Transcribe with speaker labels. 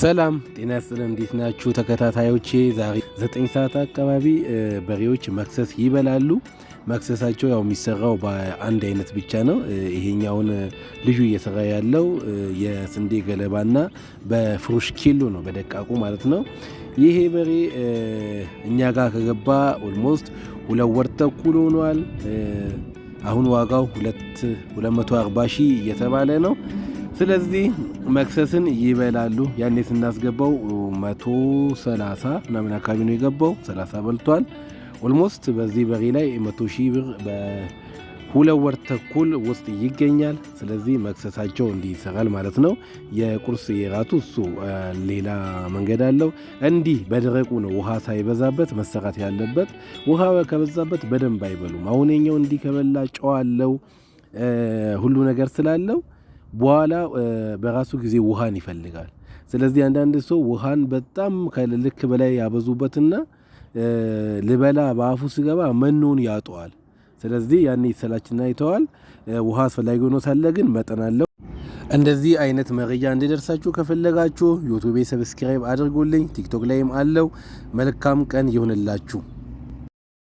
Speaker 1: ሰላም ጤና ይስጥልን። እንዴት ናችሁ ተከታታዮቼ? ዛሬ ዘጠኝ ሰዓት አካባቢ በሬዎች መክሰስ ይበላሉ። መክሰሳቸው ያው የሚሰራው በአንድ አይነት ብቻ ነው። ይሄኛውን ልዩ እየሰራ ያለው የስንዴ ገለባና በፍሩሽ ኪሎ ነው፣ በደቃቁ ማለት ነው። ይሄ በሬ እኛ ጋር ከገባ ኦልሞስት ሁለት ወር ተኩል ሆኗል። አሁን ዋጋው 240 ሺህ እየተባለ ነው። ስለዚህ መክሰስን ይበላሉ። ያኔ ስናስገባው 130 ምናምን አካባቢ ነው የገባው። ሰላሳ በልቷል። ኦልሞስት በዚህ በሬ ላይ መቶ ሺህ ብር በሁለት ወር ተኩል ውስጥ ይገኛል። ስለዚህ መክሰሳቸው እንዲህ ይሰራል ማለት ነው። የቁርስ የራቱ እሱ ሌላ መንገድ አለው። እንዲህ በደረቁ ነው ውሃ ሳይበዛበት መሰራት ያለበት። ውሃ ከበዛበት በደንብ አይበሉም። አሁን የኛው እንዲህ ከበላ ጨዋለው ሁሉ ነገር ስላለው በኋላ በራሱ ጊዜ ውሃን ይፈልጋል። ስለዚህ አንዳንድ ሰው ውሃን በጣም ከልክ በላይ ያበዙበትና ልበላ በአፉ ስገባ መኖን ያጠዋል። ስለዚህ ያን ይሰላችና ይተዋል። ውሃ አስፈላጊ ሆኖ ሳለ ግን መጠን አለው። እንደዚህ አይነት መረጃ እንዲደርሳችሁ ከፈለጋችሁ ዩቱቤ ሰብስክራይብ አድርጉልኝ። ቲክቶክ ላይም አለው። መልካም ቀን ይሁንላችሁ።